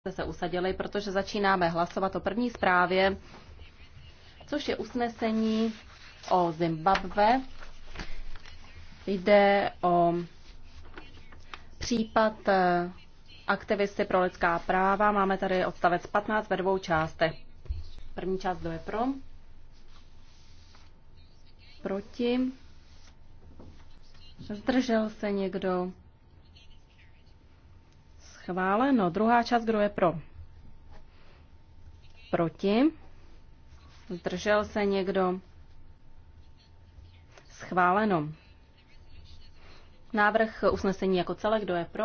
jste se usadili, protože začínáme hlasovat o první zprávě, což je usnesení o Zimbabve. Jde o případ eh, aktivisty pro lidská práva. Máme tady odstavec 15 ve dvou částech. První část, do je pro? Proti? Zdržel se někdo? Schváleno. Druhá část, kdo je pro? Proti. Zdržel se někdo? Schváleno. Návrh usnesení jako celé, kdo je pro?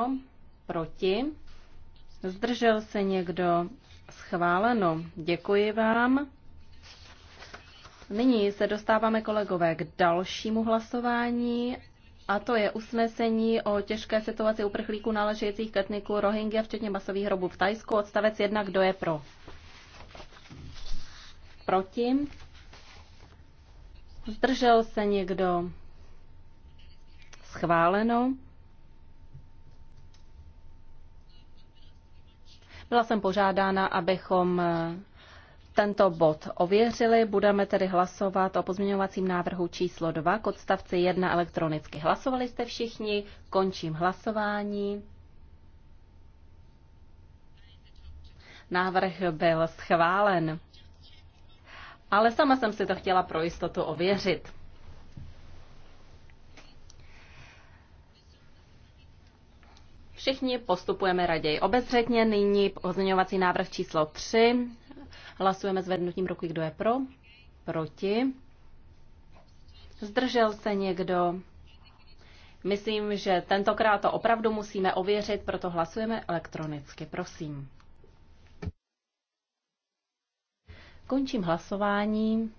Proti. Zdržel se někdo? Schváleno. Děkuji vám. Nyní se dostáváme, kolegové, k dalšímu hlasování a to je usnesení o těžké situaci uprchlíků náležejících k etniku Rohingya, včetně masových hrobů v Tajsku. Odstavec 1. Kdo je pro? Proti? Zdržel se někdo? Schváleno. Byla jsem požádána, abychom tento bod ověřili. Budeme tedy hlasovat o pozměňovacím návrhu číslo 2 k odstavci 1 elektronicky. Hlasovali jste všichni, končím hlasování. Návrh byl schválen. Ale sama jsem si to chtěla pro jistotu ověřit. Všichni postupujeme raději obezřetně. Nyní pozměňovací návrh číslo 3 Hlasujeme zvednutím ruky, kdo je pro, proti. Zdržel se někdo? Myslím, že tentokrát to opravdu musíme ověřit, proto hlasujeme elektronicky. Prosím. Končím hlasování.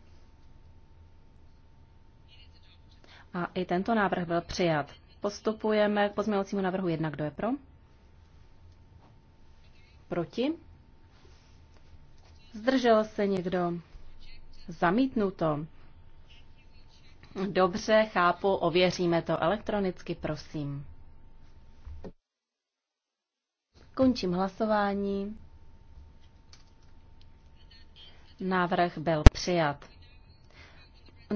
A i tento návrh byl přijat. Postupujeme k pozměňovacímu návrhu 1. Kdo je pro? Proti? Zdržel se někdo? Zamítnuto. Dobře, chápu, ověříme to elektronicky, prosím. Končím hlasování. Návrh byl přijat.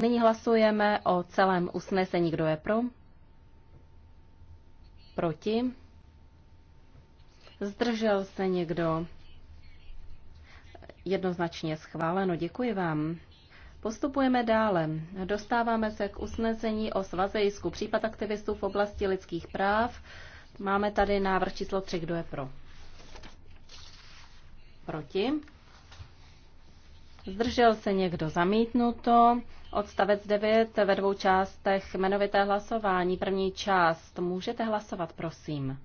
Nyní hlasujeme o celém usnesení. Kdo je pro? Proti? Zdržel se někdo? Jednoznačně schváleno. Děkuji vám. Postupujeme dále. Dostáváme se k usnesení o svazejsku případ aktivistů v oblasti lidských práv. Máme tady návrh číslo 3. Kdo je pro? Proti? Zdržel se někdo zamítnuto? Odstavec 9 ve dvou částech jmenovité hlasování. První část. Můžete hlasovat, prosím.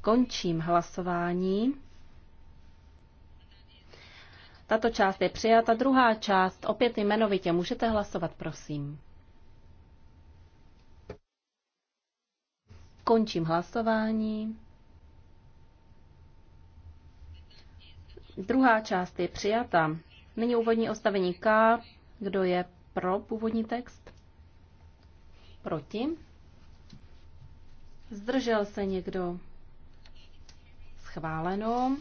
Končím hlasování. Tato část je přijata. Druhá část, opět jmenovitě, můžete hlasovat, prosím. Končím hlasování. Druhá část je přijata. Nyní úvodní ostavení K. Kdo je pro původní text? Proti? Zdržel se někdo? Schváleno.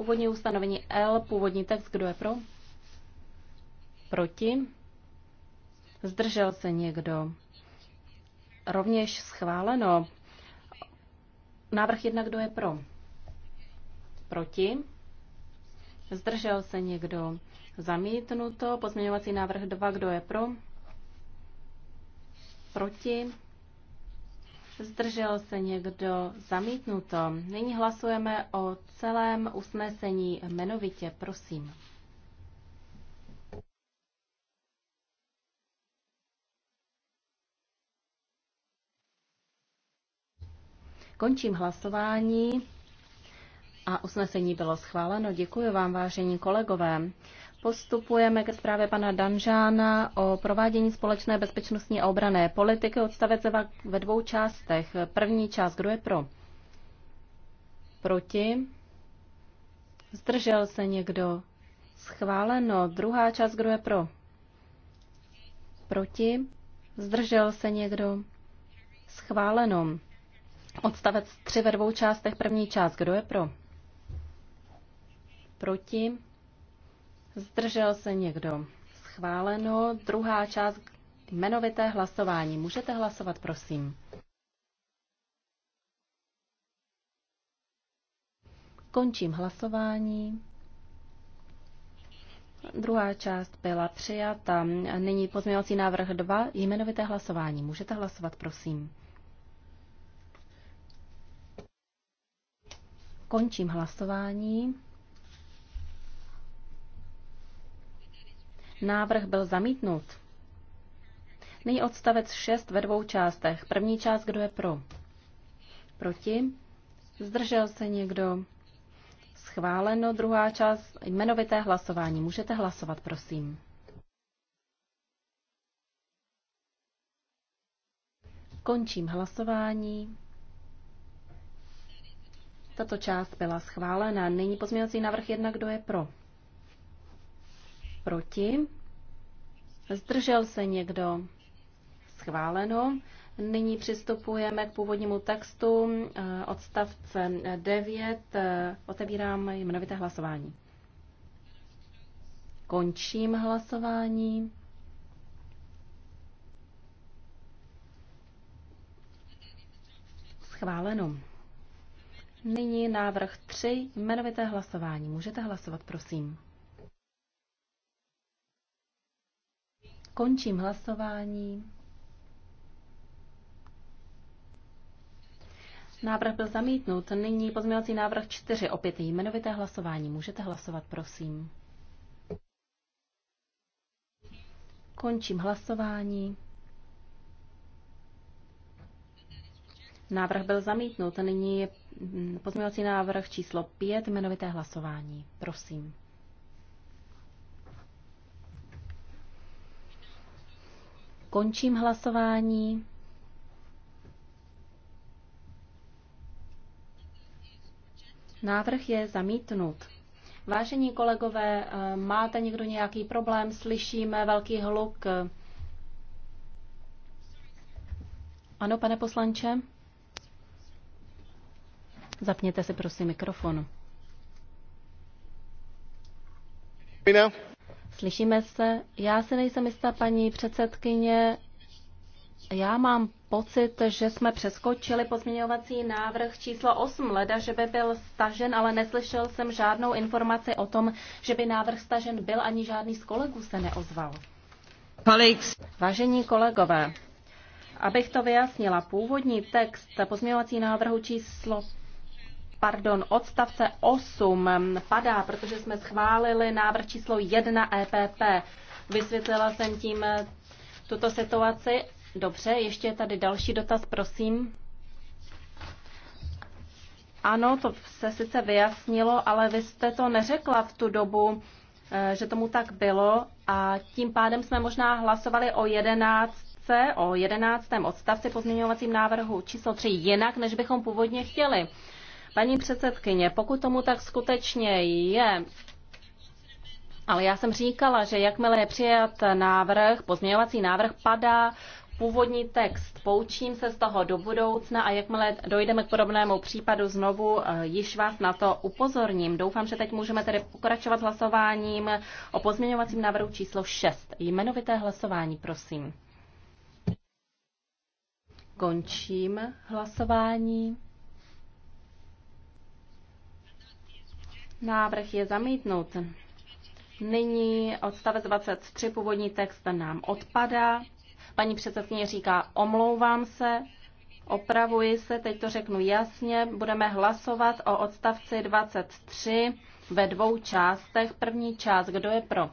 Úvodní ustanovení L, původní text, kdo je pro? Proti? Zdržel se někdo? Rovněž schváleno. Návrh jedna, kdo je pro? Proti? Zdržel se někdo? Zamítnuto. Pozměňovací návrh 2, kdo je pro? Proti? Zdržel se někdo? Zamítnuto. Nyní hlasujeme o celém usnesení jmenovitě. Prosím. Končím hlasování a usnesení bylo schváleno. Děkuji vám, vážení kolegové. Postupujeme ke zprávě pana Danžána o provádění společné bezpečnostní a obrané politiky. Odstavec ve dvou částech. První část, kdo je pro? Proti? Zdržel se někdo? Schváleno. Druhá část, kdo je pro? Proti? Zdržel se někdo? Schváleno. Odstavec 3 ve dvou částech. První část, kdo je pro? Proti? Zdržel se někdo? Schváleno. Druhá část jmenovité hlasování. Můžete hlasovat, prosím. Končím hlasování. Druhá část byla přijata. Nyní pozměňovací návrh 2, jmenovité hlasování. Můžete hlasovat, prosím. Končím hlasování. Návrh byl zamítnut. Nyní odstavec 6 ve dvou částech. První část, kdo je pro? Proti? Zdržel se někdo? Schváleno. Druhá část, jmenovité hlasování. Můžete hlasovat, prosím. Končím hlasování. Tato část byla schválena. Nyní pozměňovací návrh jedna, kdo je pro? Proti? Zdržel se někdo? Schváleno. Nyní přistupujeme k původnímu textu eh, odstavce 9. Eh, otevírám jmenovité hlasování. Končím hlasování. Schváleno. Nyní návrh 3. Jmenovité hlasování. Můžete hlasovat, prosím. Končím hlasování. Návrh byl zamítnut. Nyní pozměňovací návrh 4. Opět jmenovité hlasování. Můžete hlasovat, prosím. Končím hlasování. Návrh byl zamítnut. Nyní je mm, pozměňovací návrh číslo 5, jmenovité hlasování. Prosím. Končím hlasování. Návrh je zamítnut. Vážení kolegové, eh, máte někdo nějaký problém? Slyšíme velký hluk. Ano, pane poslanče? Zapněte si prosím mikrofon. Slyšíme se? Já si nejsem jistá, paní předsedkyně. Já mám pocit, že jsme přeskočili pozměňovací návrh číslo 8 leda, že by byl stažen, ale neslyšel jsem žádnou informaci o tom, že by návrh stažen byl, ani žádný z kolegů se neozval. Palix. Vážení kolegové, abych to vyjasnila, původní text pozměňovací návrhu číslo pardon, odstavce 8 mm, padá, protože jsme schválili návrh číslo 1 EPP. Vysvětlila jsem tím eh, tuto situaci. Dobře, ještě je tady další dotaz, prosím. Ano, to se sice vyjasnilo, ale vy jste to neřekla v tu dobu, eh, že tomu tak bylo a tím pádem jsme možná hlasovali o 11 o jedenáctém odstavci pozměňovacím návrhu číslo 3 jinak, než bychom původně chtěli. Paní předsedkyně, pokud tomu tak skutečně je, ale já jsem říkala, že jakmile je přijat návrh, pozměňovací návrh padá původní text. Poučím se z toho do budoucna a jakmile dojdeme k podobnému případu znovu, eh, již vás na to upozorním. Doufám, že teď můžeme tedy pokračovat hlasováním o pozměňovacím návrhu číslo 6. Jmenovité hlasování, prosím. Končím hlasování. Návrh je zamítnut. Nyní odstavec 23, původní text nám odpadá. Paní předsedkyně říká, omlouvám se, opravuji se, teď to řeknu jasně, budeme hlasovat o odstavci 23 ve dvou částech. První část, kdo je pro?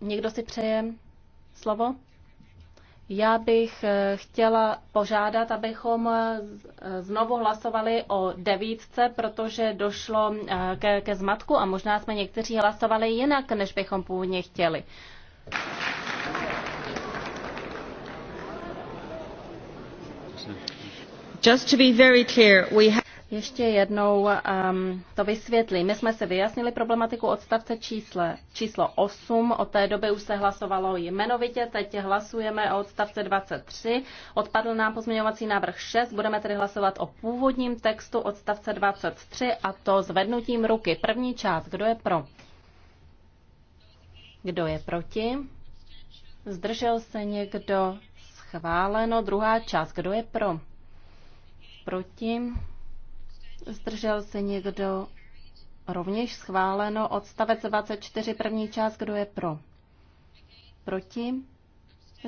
Někdo si přeje slovo? Já bych eh, chtěla požádat, abychom eh, znovu hlasovali o devítce, protože došlo eh, ke, ke zmatku a možná jsme někteří hlasovali jinak, než bychom původně chtěli. Just to be very clear, we have... Ještě jednou um, to vysvětlím. My jsme se vyjasnili problematiku odstavce čísle, číslo 8. Od té doby už se hlasovalo jmenovitě. Teď hlasujeme o odstavce 23. Odpadl nám pozměňovací návrh 6. Budeme tedy hlasovat o původním textu odstavce 23 a to zvednutím ruky. První část. Kdo je pro? Kdo je proti? Zdržel se někdo? Schváleno. Druhá část. Kdo je pro? Proti? Zdržel se někdo? Rovněž schváleno. Odstavec 24, první část, kdo je pro? Proti?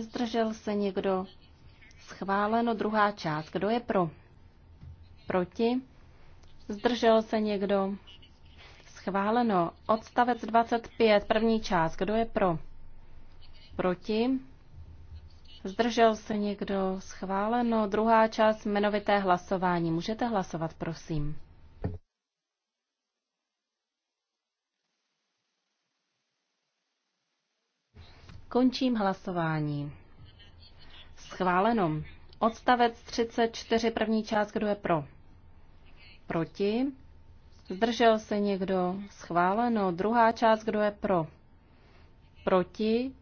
Zdržel se někdo? Schváleno druhá část. Kdo je pro? Proti? Zdržel se někdo? Schváleno. Odstavec 25, první část. Kdo je pro? Proti? Zdržel se někdo? Schváleno. Druhá část jmenovité hlasování. Můžete hlasovat, prosím. Končím hlasování. Schváleno. Odstavec 34, první část, kdo je pro? Proti. Zdržel se někdo? Schváleno. Druhá část, kdo je pro? Proti.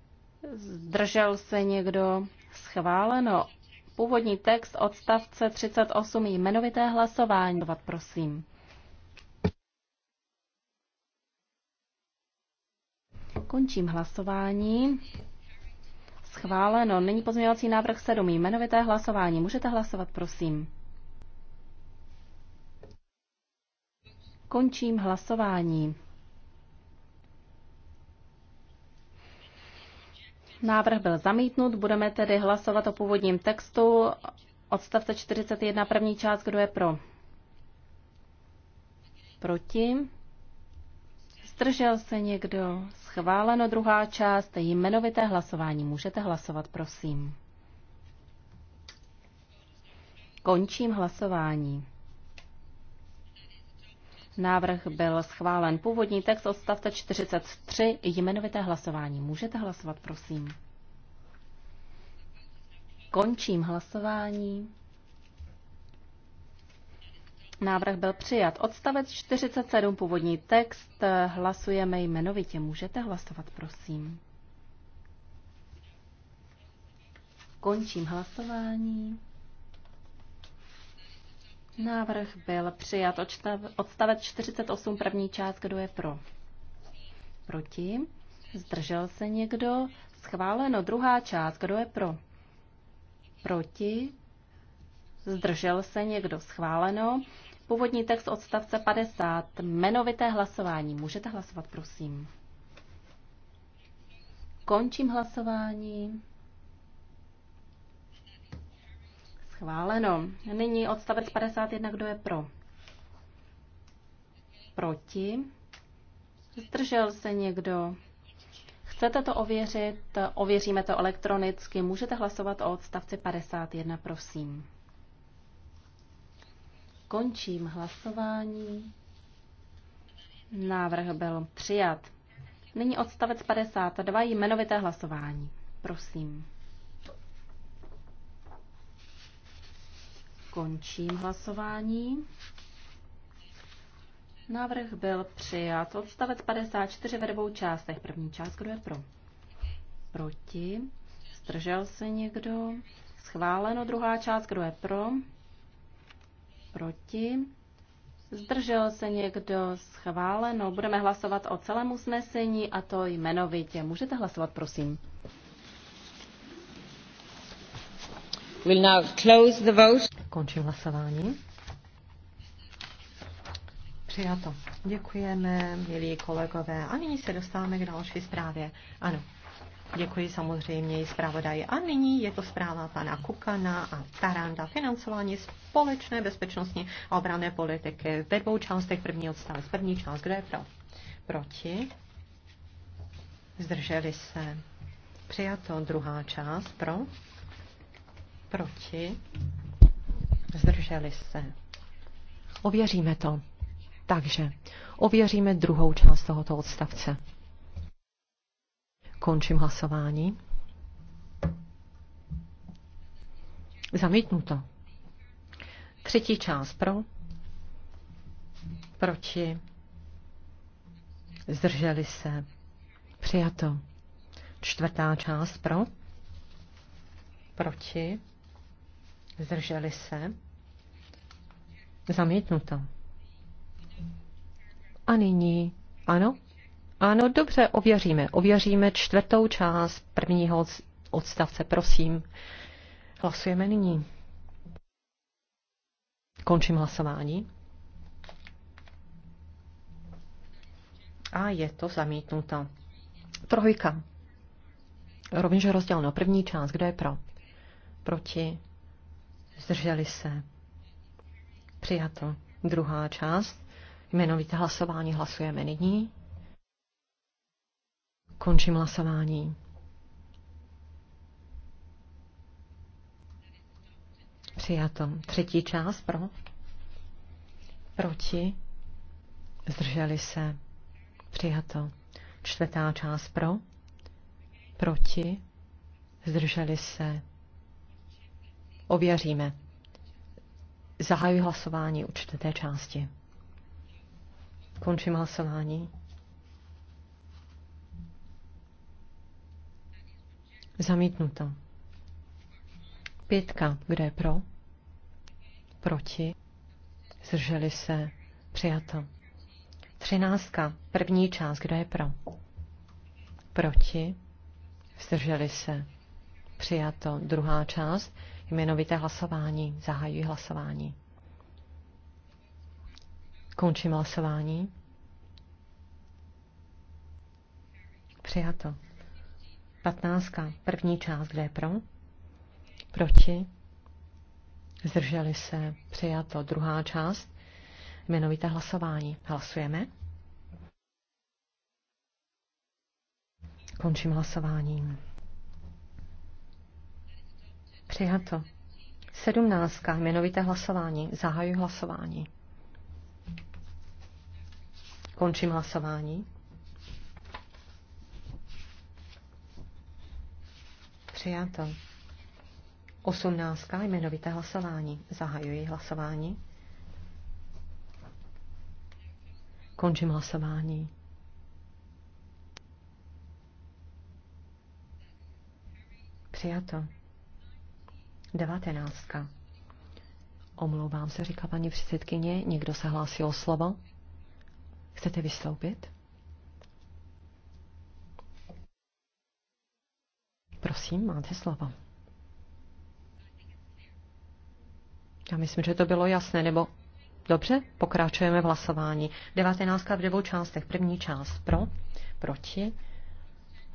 Zdržel se někdo? Schváleno. Původní text odstavce 38 jmenovité hlasování. Prosím. Končím hlasování. Schváleno. Nyní pozměňovací návrh 7. Jmenovité hlasování. Můžete hlasovat, prosím. Končím hlasování. Návrh byl zamítnut, budeme tedy hlasovat o původním textu. Odstavce 41, první část, kdo je pro? Proti? Zdržel se někdo? Schváleno druhá část, jmenovité hlasování. Můžete hlasovat, prosím. Končím hlasování. Návrh byl schválen. Původní text odstavce 43 jmenovité hlasování. Můžete hlasovat, prosím. Končím hlasování. Návrh byl přijat. Odstavec 47, původní text. Hlasujeme jmenovitě. Můžete hlasovat, prosím. Končím hlasování. Návrh byl přijat. Odstavec 48, první část, kdo je pro? Proti? Zdržel se někdo? Schváleno. Druhá část, kdo je pro? Proti? Zdržel se někdo? Schváleno. Původní text odstavce 50. Jmenovité hlasování. Můžete hlasovat, prosím. Končím hlasování. Schváleno. Nyní odstavec 51. Kdo je pro? Proti? Zdržel se někdo? Chcete to ověřit? Ověříme to elektronicky. Můžete hlasovat o odstavci 51, prosím. Končím hlasování. Návrh byl přijat. Nyní odstavec 52, jmenovité hlasování. Prosím. Končím hlasování. Návrh byl přijat. Odstavec 54 ve dvou částech. První část, kdo je pro? Proti. Zdržel se někdo? Schváleno. Druhá část, kdo je pro? Proti. Zdržel se někdo? Schváleno. Budeme hlasovat o celém usnesení a to jmenovitě. Můžete hlasovat, prosím. We'll now close the vote. Končím hlasování. Přijato. Děkujeme, milí kolegové. A nyní se dostáváme k další zprávě. Ano, Děkuji samozřejmě i zpravodaji. A nyní je to zpráva pana Kukana a Taranda. Financování společné bezpečnostní a obrané politiky ve dvou částech. První odstavec, první část. Kdo je pro? Proti? Zdrželi se. Přijato druhá část. Pro? Proti? zdrželi se. Ověříme to. Takže ověříme druhou část tohoto odstavce. Končím hlasování. Zamítnuto. Třetí část pro, proti, zdrželi se, přijato. Čtvrtá část pro, proti, zdrželi se, Zamítnuto. A nyní, ano? Ano, dobře, ověříme. Ověříme čtvrtou část prvního odstavce, prosím. Hlasujeme nyní. Končím hlasování. A je to zamítnuto. Trojka. Rovněž rozděleno. První část. Kdo je pro? Proti? Zdrželi se. Přijato. Druhá část. Jmenovité hlasování hlasujeme nyní. Končím hlasování. Přijato. Třetí část pro. Proti. Zdrželi se. Přijato. Čtvrtá část pro. Proti. Zdrželi se. Ověříme. Zahajuji hlasování u čtvrté části. Končím hlasování. Zamítnuto. Pětka. kde je pro? Proti? Zdrželi se? Přijato. Třináctka. První část. kde je pro? Proti? Zdrželi se? Přijato. Druhá část jmenovité hlasování. Zahajuji hlasování. Končím hlasování. Přijato. Patnáctka. První část, kde je pro? Proti? Zdrželi se. Přijato. Druhá část. Jmenovité hlasování. Hlasujeme. Končím hlasování. Přijato. Sedmnáctka, jmenovité hlasování. Zahaju hlasování. Končím hlasování. Přijato. Osmnáctka, jmenovité hlasování. Zahajuji hlasování. Končím hlasování. Přijato. Devatenáctka. Omlouvám se, říká paní předsedkyně. Někdo se hlásí o slovo? Chcete vystoupit? Prosím, máte slovo. Já myslím, že to bylo jasné, nebo... Dobře, pokračujeme v hlasování. Devatenáctka v dvou částech. První část pro, proti,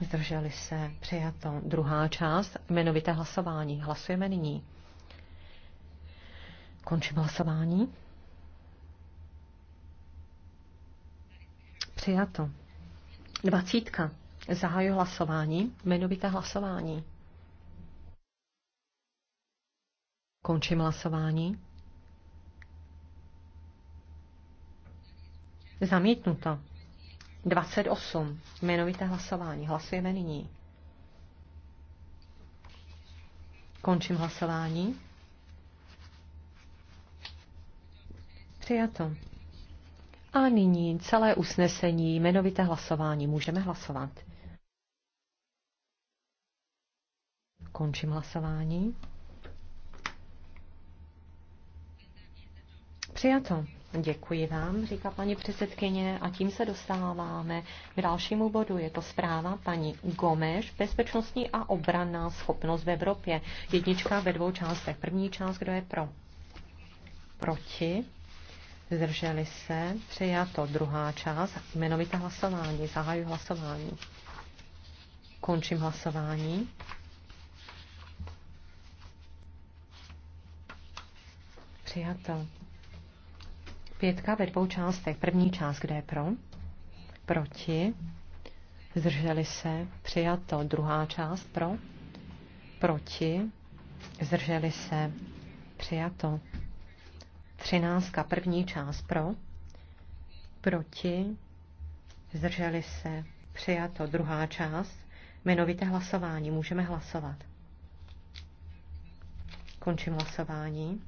zdrželi se, přijato. Druhá část, jmenovité hlasování. Hlasujeme nyní. Končím hlasování. Přijato. Dvacítka. Zahaju hlasování, jmenovité hlasování. Končím hlasování. Zamítnuto. 28. Jmenovité hlasování. Hlasujeme nyní. Končím hlasování. Přijato. A nyní celé usnesení, jmenovité hlasování. Můžeme hlasovat. Končím hlasování. Přijato. Děkuji vám, říká paní předsedkyně, a tím se dostáváme k dalšímu bodu. Je to zpráva paní Gomeš, bezpečnostní a obranná schopnost v Evropě. Jednička ve dvou částech. První část, kdo je pro? Proti? Zdrželi se? Přijato. Druhá část, jmenovité hlasování. Zahajuji hlasování. Končím hlasování. Přijato. Pětka ve dvou částech. První část, kde je pro? Proti. Zdrželi se. Přijato. Druhá část pro? Proti. Zdrželi se. Přijato. Třináctka. První část pro? Proti. Zdrželi se. Přijato. Druhá část. Jmenovité hlasování. Můžeme hlasovat. Končím hlasování.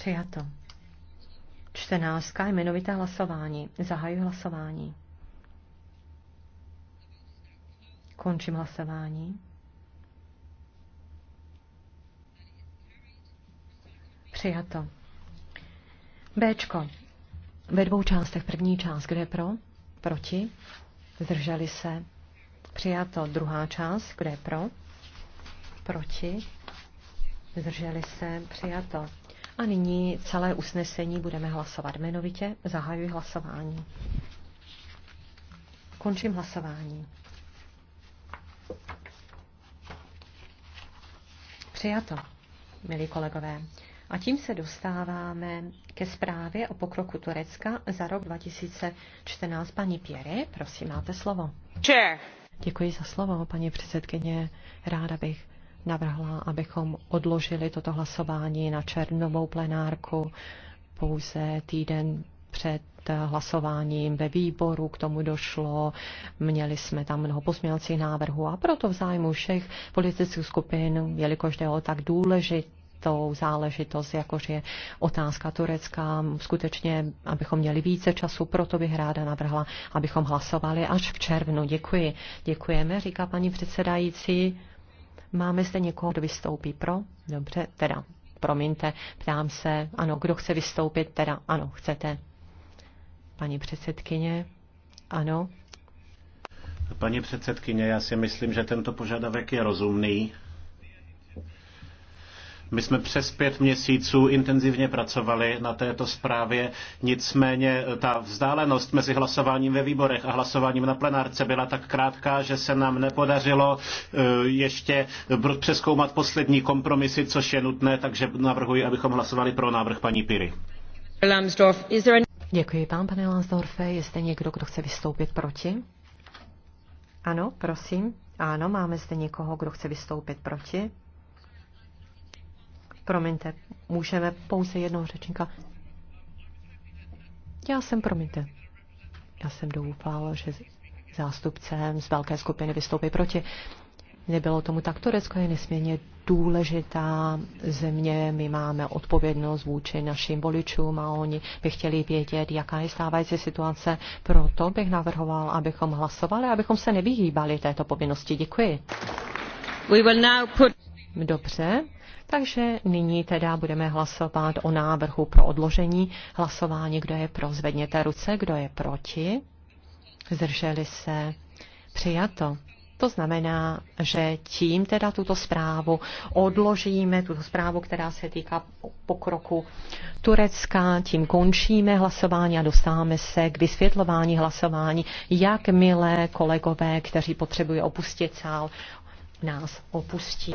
Přijato. Čtenářská jmenovité hlasování. Zahajuji hlasování. Končím hlasování. Přijato. Bčko. Ve dvou částech. První část, kde je pro? Proti. Zdrželi se. Přijato. Druhá část, kde je pro? Proti. Zdrželi se. Přijato. A nyní celé usnesení budeme hlasovat jmenovitě. Zahajuji hlasování. Končím hlasování. Přijato, milí kolegové. A tím se dostáváme ke zprávě o pokroku Turecka za rok 2014. Paní Pěry, prosím, máte slovo. Chair. Děkuji za slovo, paní předsedkyně. Ráda bych navrhla, abychom odložili toto hlasování na červnovou plenárku pouze týden před hlasováním ve výboru, k tomu došlo, měli jsme tam mnoho pozměňovacích návrhů a proto v zájmu všech politických skupin, jelikož jde o tak důležitou záležitost, jakož je otázka Turecka. Skutečně, abychom měli více času, proto bych ráda navrhla, abychom hlasovali až v červnu. Děkuji. Děkujeme, říká paní předsedající. Máme zde někoho, kdo vystoupí pro? Dobře, teda, promiňte, ptám se, ano, kdo chce vystoupit, teda, ano, chcete. Paní předsedkyně, ano. Paní předsedkyně, já si myslím, že tento požadavek je rozumný my jsme přes pět měsíců intenzivně pracovali na této zprávě, nicméně e, ta vzdálenost mezi hlasováním ve výborech a hlasováním na plenárce byla tak krátká, že se nám nepodařilo e, ještě přeskoumat poslední kompromisy, což je nutné, takže navrhuji, abychom hlasovali pro návrh paní Piry. Děkuji vám, pane Lansdorfe. Je zde někdo, kdo chce vystoupit proti? Ano, prosím. Ano, máme zde někoho, kdo chce vystoupit proti. Promiňte, můžeme pouze jednoho řečníka. Já jsem, promiňte, já jsem doufal, že zástupcem z velké skupiny vystoupí proti. Nebylo tomu tak. Turecko je nesmírně důležitá země. My máme odpovědnost vůči našim voličům a oni by chtěli vědět, jaká je stávající situace. Proto bych navrhoval, abychom hlasovali, abychom se nevyhýbali této povinnosti. Děkuji. We will now put... Dobře, takže nyní teda budeme hlasovat o návrhu pro odložení hlasování, kdo je pro, zvedněte ruce, kdo je proti, zdrželi se, přijato. To znamená, že tím teda tuto zprávu odložíme, tuto zprávu, která se týká pokroku Turecka, tím končíme hlasování a dostáváme se k vysvětlování hlasování, Jak milé kolegové, kteří potřebují opustit sál, nás opustí.